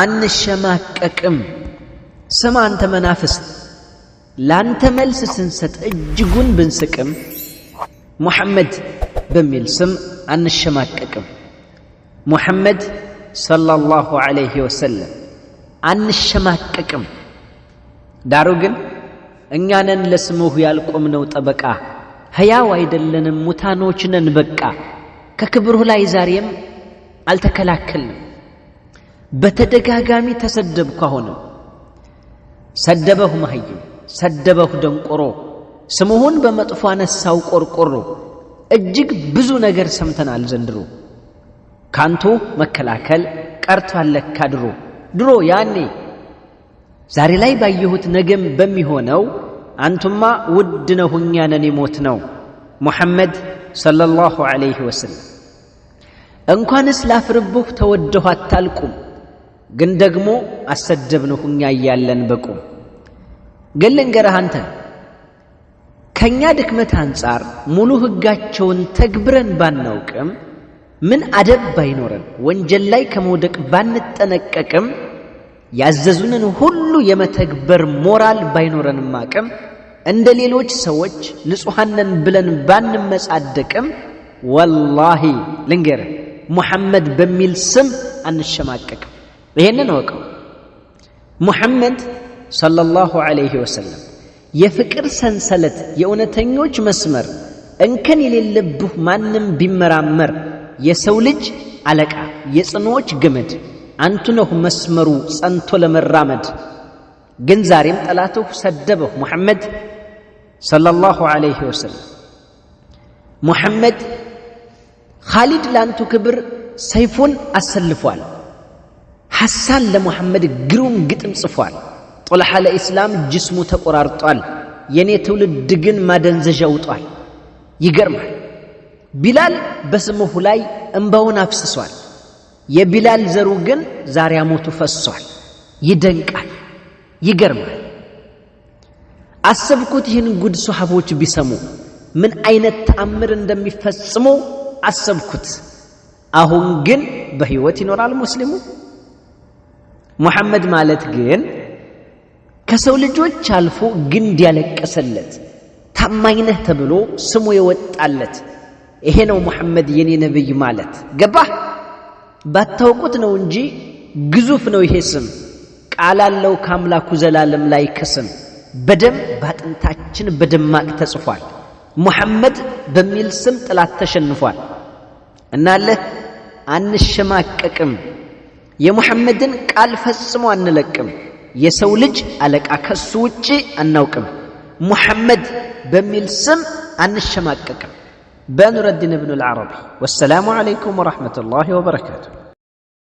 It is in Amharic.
አንሸማቀቅም። ስም አንተ መናፍስት፣ ላንተ መልስ ስንሰጥ እጅጉን ብንስቅም ሙሐመድ በሚል ስም አንሸማቀቅም። ሙሐመድ ሰለላሁ ዐለይሂ ወሰለም አንሸማቀቅም። ዳሩ ግን እኛነን ለስምሁ ያልቆምነው ጠበቃ፣ ሕያው አይደለንም ሙታኖች ነን በቃ። ከክብሩ ላይ ዛሬም አልተከላከልንም። በተደጋጋሚ ተሰደብኩ። አሁንም ሰደበሁ መሀይም፣ ሰደበሁ ደንቆሮ፣ ስሙሁን በመጥፎ አነሳው ቆርቆሮ። እጅግ ብዙ ነገር ሰምተናል ዘንድሮ። ካንቱ መከላከል ቀርቷል ለካ ድሮ ድሮ ያኔ ዛሬ ላይ ባየሁት ነገም በሚሆነው አንቱማ ውድ ነው እኛ ነን ሞት ነው ሙሐመድ ሰለላሁ ዐለይሂ ወሰለም። እንኳንስ ላፍርብህ ተወደሁ አታልቁም ግን ደግሞ አሰደብንህ እኛ እያለን በቁም ግን ልንገርህ አንተ ከእኛ ድክመት አንጻር ሙሉ ሕጋቸውን ተግብረን ባናውቅም ምን አደብ ባይኖረን ወንጀል ላይ ከመውደቅ ባንጠነቀቅም ያዘዙንን ሁሉ የመተግበር ሞራል ባይኖረንም አቅም እንደ ሌሎች ሰዎች ንጹሐንን ብለን ባንመጻደቅም ወላሂ ልንገርህ ሙሐመድ በሚል ስም አንሸማቀቅም። ይሄንን እወቀው። ሙሐመድ ሰለላሁ ዐለይሂ ወሰለም የፍቅር ሰንሰለት፣ የእውነተኞች መስመር እንከን የሌለብህ ማንም ቢመራመር የሰው ልጅ አለቃ፣ የጽኖዎች ገመድ አንቱ ነው መስመሩ ጸንቶ ለመራመድ ግን ዛሬም ጠላትህ ሰደበህ። ሙሐመድ ሰለላሁ ዐለይሂ ወሰለም ሙሐመድ ኻሊድ ለአንቱ ክብር ሰይፉን አሰልፏል። ሐሳን ለሙሐመድ ግሩም ግጥም ጽፏል። ጦልሓ ለኢስላም ጅስሙ ተቆራርጧል፣ የእኔ ትውልድ ግን ማደንዘዣ ውጧል። ይገርማል። ቢላል በስምሁ ላይ እምባውን አፍስሷል። የቢላል ዘሩ ግን ዛሬ አሞቱ ፈሷል። ይደንቃል፣ ይገርማል። አሰብኩት ይህን ጉድ ሶሐቦች ቢሰሙ ምን አይነት ተአምር እንደሚፈጽሙ አሰብኩት። አሁን ግን በሕይወት ይኖራል ሙስሊሙ ሙሐመድ ማለት ግን ከሰው ልጆች አልፎ ግንድ ያለቀሰለት ታማኝነህ ተብሎ ስሙ የወጣለት ይሄ ነው ሙሐመድ የኔ ነብይ ማለት ገባ ባታውቁት ነው እንጂ ግዙፍ ነው ይሄ ስም ቃል ከአምላኩ ዘላለም ላይ ከስም በደም ባጥንታችን በደማቅ ተጽፏል ሙሐመድ በሚል ስም ጥላት ተሸንፏል እናለህ አንሸማቀቅም የሙሐመድን ቃል ፈጽሞ አንለቅም የሰው ልጅ አለቃ ከሱ ውጪ አናውቅም ሙሐመድ በሚል ስም አንሸማቀቅም በኑረዲን እብኑ ልዓረቢ ወሰላሙ ዓለይኩም ወረሕመቱላሂ ወበረካቱሁ